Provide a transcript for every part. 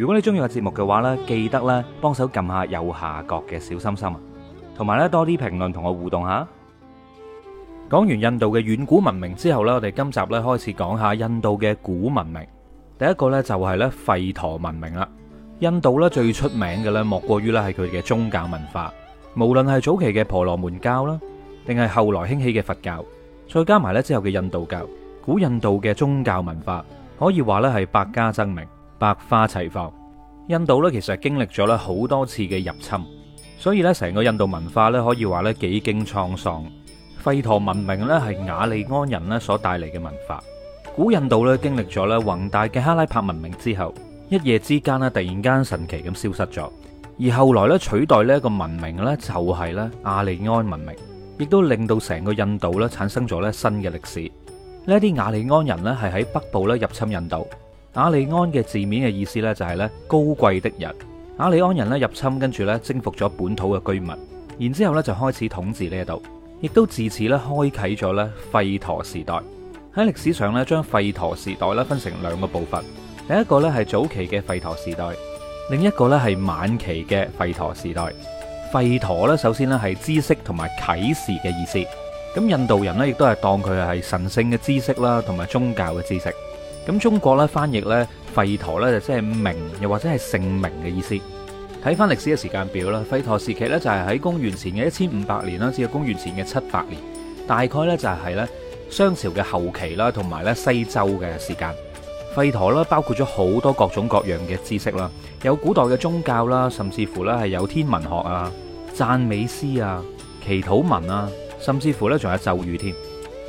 如果你中意個節目嘅話咧，記得咧幫手撳下右下角嘅小心心，同埋咧多啲評論同我互動下。講完印度嘅遠古文明之後咧，我哋今集咧開始講下印度嘅古文明。第一個咧就係咧吠陀文明啦。印度咧最出名嘅咧，莫過於咧係佢嘅宗教文化。無論係早期嘅婆羅門教啦，定係後來興起嘅佛教，再加埋咧之後嘅印度教。古印度嘅宗教文化可以話咧係百家爭鳴。百花齊放。印度咧其實經歷咗咧好多次嘅入侵，所以咧成個印度文化咧可以話咧幾經滄桑。吠陀文明咧係雅利安人所帶嚟嘅文化。古印度咧經歷咗咧宏大嘅哈拉帕文明之後，一夜之間咧突然間神奇咁消失咗，而後來咧取代呢一個文明咧就係咧雅利安文明，亦都令到成個印度咧產生咗咧新嘅歷史。呢啲雅利安人咧係喺北部咧入侵印度。阿里安嘅字面嘅意思呢，就係呢高貴的人。阿里安人呢入侵，跟住呢征服咗本土嘅居民，然之後呢就開始統治呢一度，亦都自此呢開啟咗呢吠陀時代。喺歷史上呢，將吠陀時代呢分成兩個部分，第一個呢係早期嘅吠陀時代，另一個呢係晚期嘅吠陀時代。吠陀呢首先呢係知識同埋啟示嘅意思，咁印度人呢亦都係當佢係神聖嘅知識啦，同埋宗教嘅知識。咁中國咧，翻譯咧，吠陀咧就即係名，又或者係姓名嘅意思。睇返歷史嘅時間表啦，吠陀時期咧就係喺公元前嘅一千五百年啦，至到公元前嘅七百年，大概咧就係咧商朝嘅後期啦，同埋咧西周嘅時間。吠陀咧包括咗好多各種各樣嘅知識啦，有古代嘅宗教啦，甚至乎咧係有天文學啊、讚美詩啊、祈禱文啊，甚至乎咧仲有咒語添。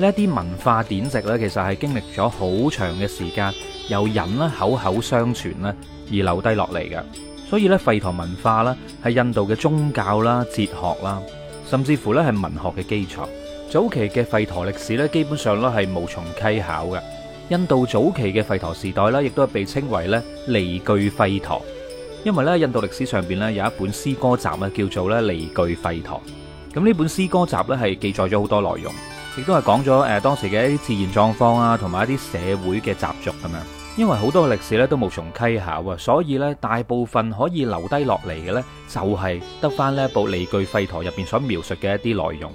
呢啲文化典籍呢，其實係經歷咗好長嘅時間，由人呢口口相傳呢而留低落嚟嘅。所以呢，吠陀文化呢，係印度嘅宗教啦、哲學啦，甚至乎呢係文學嘅基礎。早期嘅吠陀歷史呢，基本上呢係無從稽考嘅。印度早期嘅吠陀時代呢，亦都係被稱為呢「梨俱吠陀」，因為呢，印度歷史上邊呢有一本詩歌集啊，叫做呢梨俱吠陀。咁呢本詩歌集呢，係記載咗好多內容。亦都係講咗誒，當時嘅一啲自然狀況啊，同埋一啲社會嘅習俗咁樣。因為好多的歷史咧都冇從稽考啊，所以咧大部分可以留低落嚟嘅咧就係得返呢一部《梨俱吠陀》入邊所描述嘅一啲內容。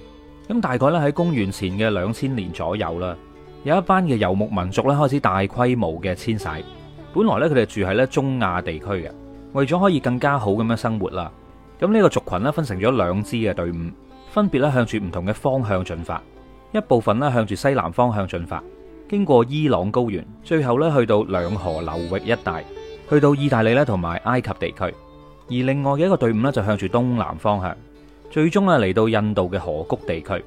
咁大概咧喺公元前嘅兩千年左右啦，有一班嘅遊牧民族咧開始大規模嘅遷徙。本來咧佢哋住喺咧中亞地區嘅，為咗可以更加好咁樣生活啦。咁、這、呢個族群呢，分成咗兩支嘅隊伍，分別咧向住唔同嘅方向進發。一部分咧向住西南方向進發，經過伊朗高原，最後咧去到兩河流域一帶，去到意大利咧同埋埃及地區。而另外嘅一個隊伍就向住東南方向，最終咧嚟到印度嘅河谷地區。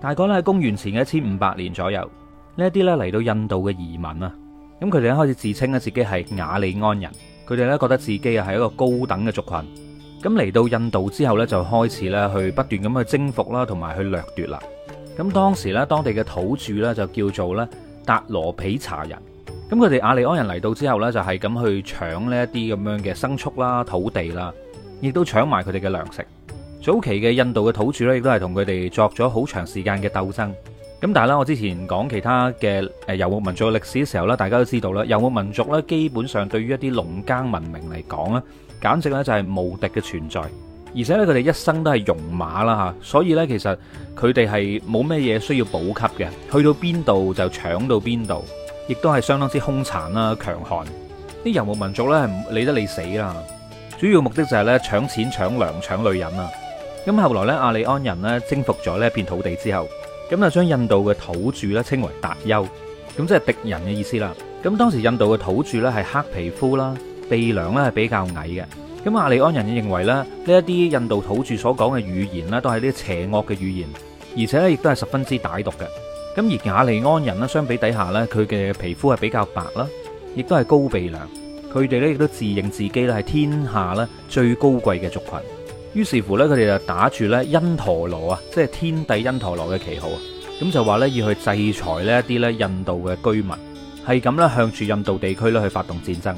大概咧喺公元前一千五百年左右，呢一啲咧嚟到印度嘅移民啊，咁佢哋咧開始自稱咧自己係雅利安人，佢哋咧覺得自己啊係一個高等嘅族群。咁嚟到印度之後呢就開始咧去不斷咁去征服啦，同埋去掠奪啦。咁當時咧，當地嘅土著咧就叫做咧達羅毗荼人。咁佢哋亞利安人嚟到之後咧，就係咁去搶呢一啲咁樣嘅牲畜啦、土地啦，亦都搶埋佢哋嘅糧食。早期嘅印度嘅土著咧，亦都係同佢哋作咗好長時間嘅鬥爭。咁但係咧，我之前講其他嘅誒遊牧民族歷史嘅時候咧，大家都知道啦，遊牧民族咧基本上對於一啲農耕文明嚟講咧，簡直咧就係無敵嘅存在。而且咧，佢哋一生都係戎馬啦嚇，所以咧，其實佢哋係冇咩嘢需要補給嘅，去到邊度就搶到邊度，亦都係相當之兇殘啦、強悍。啲遊牧民族咧係唔理得你死啦，主要目的就係咧搶錢、搶糧、搶女人啊。咁後來咧，阿里安人咧征服咗呢一片土地之後，咁就將印度嘅土著咧稱為達丘，咁即係敵人嘅意思啦。咁當時印度嘅土著咧係黑皮膚啦。鼻梁咧係比較矮嘅，咁亞利安人認為咧，呢一啲印度土著所講嘅語言呢，都係啲邪惡嘅語言，而且呢亦都係十分之歹毒嘅。咁而亞利安人呢，相比底下呢，佢嘅皮膚係比較白啦，亦都係高鼻梁，佢哋呢亦都自認自己係天下呢最高貴嘅族群。於是乎呢，佢哋就打住咧因陀羅啊，即係天帝因陀羅嘅旗號啊，咁就話呢，要去制裁呢一啲咧印度嘅居民，係咁咧向住印度地區咧去發動戰爭。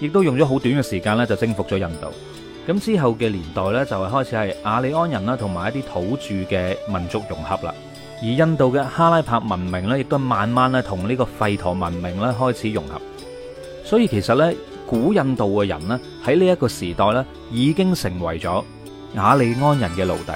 亦都用咗好短嘅時間咧，就征服咗印度。咁之後嘅年代咧，就係開始係亞利安人啦，同埋一啲土著嘅民族融合啦。而印度嘅哈拉帕文明咧，亦都慢慢咧同呢個吠陀文明咧開始融合。所以其實咧，古印度嘅人咧喺呢一個時代咧，已經成為咗亞利安人嘅奴隸。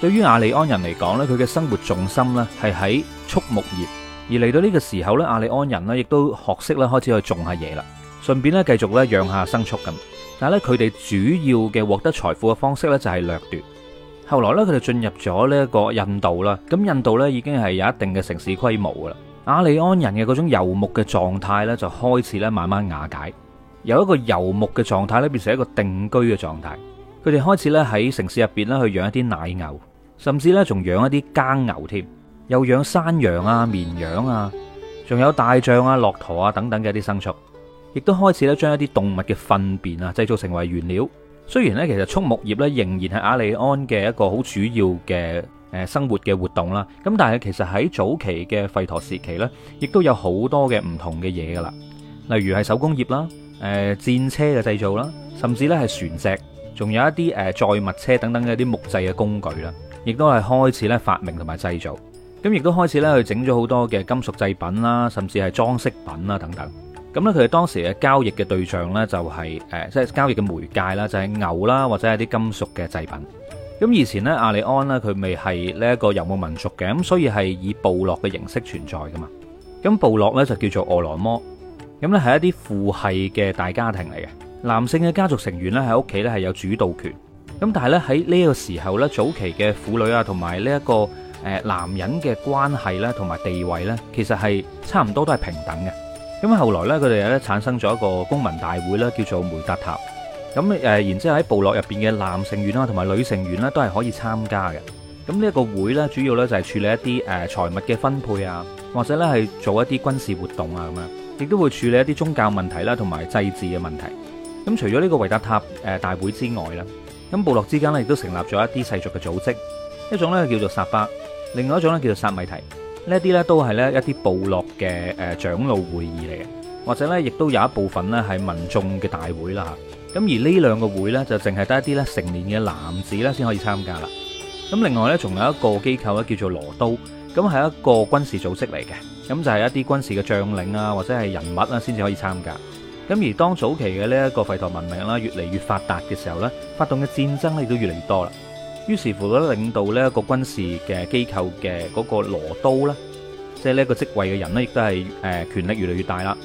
對於亞利安人嚟講咧，佢嘅生活重心咧係喺畜牧業。而嚟到呢個時候咧，亞利安人咧亦都學識咧開始去種下嘢啦。順便咧繼續咧養下牲畜咁。但係咧佢哋主要嘅獲得財富嘅方式咧就係掠奪。後來咧佢哋進入咗呢一個印度啦，咁印度咧已經係有一定嘅城市規模噶啦。亞利安人嘅嗰種遊牧嘅狀態咧就開始咧慢慢瓦解，由一個遊牧嘅狀態咧變成一個定居嘅狀態。佢哋開始咧喺城市入邊咧去養一啲奶牛，甚至咧仲養一啲耕牛添，又養山羊啊、綿羊啊，仲有大象啊、駱駝啊等等嘅一啲牲畜。亦都開始咧將一啲動物嘅糞便啊製造成為原料。雖然咧其實畜牧業咧仍然係阿里安嘅一個好主要嘅誒生活嘅活動啦。咁但係其實喺早期嘅吠陀時期咧，亦都有好多嘅唔同嘅嘢噶啦，例如係手工業啦、誒戰車嘅製造啦，甚至咧係船隻，仲有一啲誒載物車等等嘅一啲木製嘅工具啦，亦都係開始咧發明同埋製造。咁亦都開始咧去整咗好多嘅金屬製品啦，甚至係裝飾品啦等等。咁咧，佢哋當時嘅交易嘅對象呢，就係，就係即係交易嘅媒介啦，就係牛啦，或者係啲金屬嘅製品。咁以前呢，阿里安呢，佢咪係呢一個游牧民族嘅，咁所以係以部落嘅形式存在噶嘛。咁部落呢，就叫做俄羅摩，咁呢係一啲父系嘅大家庭嚟嘅。男性嘅家族成員呢，喺屋企呢係有主導權。咁但係呢，喺呢個個時候呢，早期嘅婦女啊，同埋呢一個男人嘅關係呢，同埋地位呢，其實係差唔多都係平等嘅。咁啊，後來咧，佢哋咧產生咗一個公民大會咧，叫做梅達塔。咁誒，然之後喺部落入邊嘅男成員啦，同埋女成員咧，都係可以參加嘅。咁呢一個會咧，主要咧就係處理一啲誒財物嘅分配啊，或者咧係做一啲軍事活動啊咁樣，亦都會處理一啲宗教問題啦，同埋祭祀嘅問題。咁除咗呢個維達塔誒大會之外啦，咁部落之間咧亦都成立咗一啲世俗嘅組織，一種咧叫做薩巴，另外一種咧叫做薩米提。呢啲咧都係咧一啲部落嘅誒長老會議嚟嘅，或者咧亦都有一部分咧係民眾嘅大會啦。咁而呢兩個會呢，就淨係得一啲咧成年嘅男子咧先可以參加啦。咁另外呢，仲有一個機構咧叫做羅都，咁係一個軍事組織嚟嘅，咁就係、是、一啲軍事嘅將領啊或者係人物啦先至可以參加。咁而當早期嘅呢一個吠陀文明啦越嚟越發達嘅時候呢，發動嘅戰爭咧亦都越嚟越多啦。於是乎咧，領導一個軍事嘅機構嘅嗰個羅都咧，即係呢一個職位嘅人呢亦都係誒權力越嚟越大啦。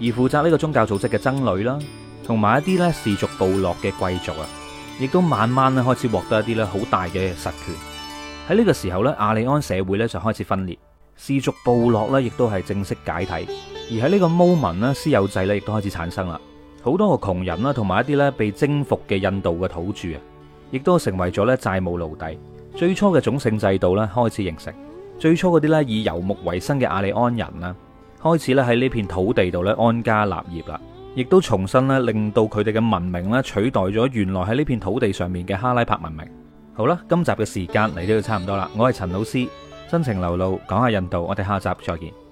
而負責呢個宗教組織嘅僧侶啦，同埋一啲咧氏族部落嘅貴族啊，亦都慢慢咧開始獲得一啲咧好大嘅實權。喺呢個時候呢，阿里安社會呢，就開始分裂，氏族部落呢，亦都係正式解體，而喺呢個 moment，呢私有制呢，亦都開始產生啦。好多個窮人啦，同埋一啲咧被征服嘅印度嘅土著啊，亦都成為咗咧債務奴隸，最初嘅種姓制度咧開始形成。最初嗰啲咧以遊牧為生嘅阿里安人啦，開始咧喺呢片土地度咧安家立業啦，亦都重新咧令到佢哋嘅文明咧取代咗原來喺呢片土地上面嘅哈拉帕文明。好啦，今集嘅時間嚟到差唔多啦，我係陳老師，真情流露講下印度，我哋下集再見。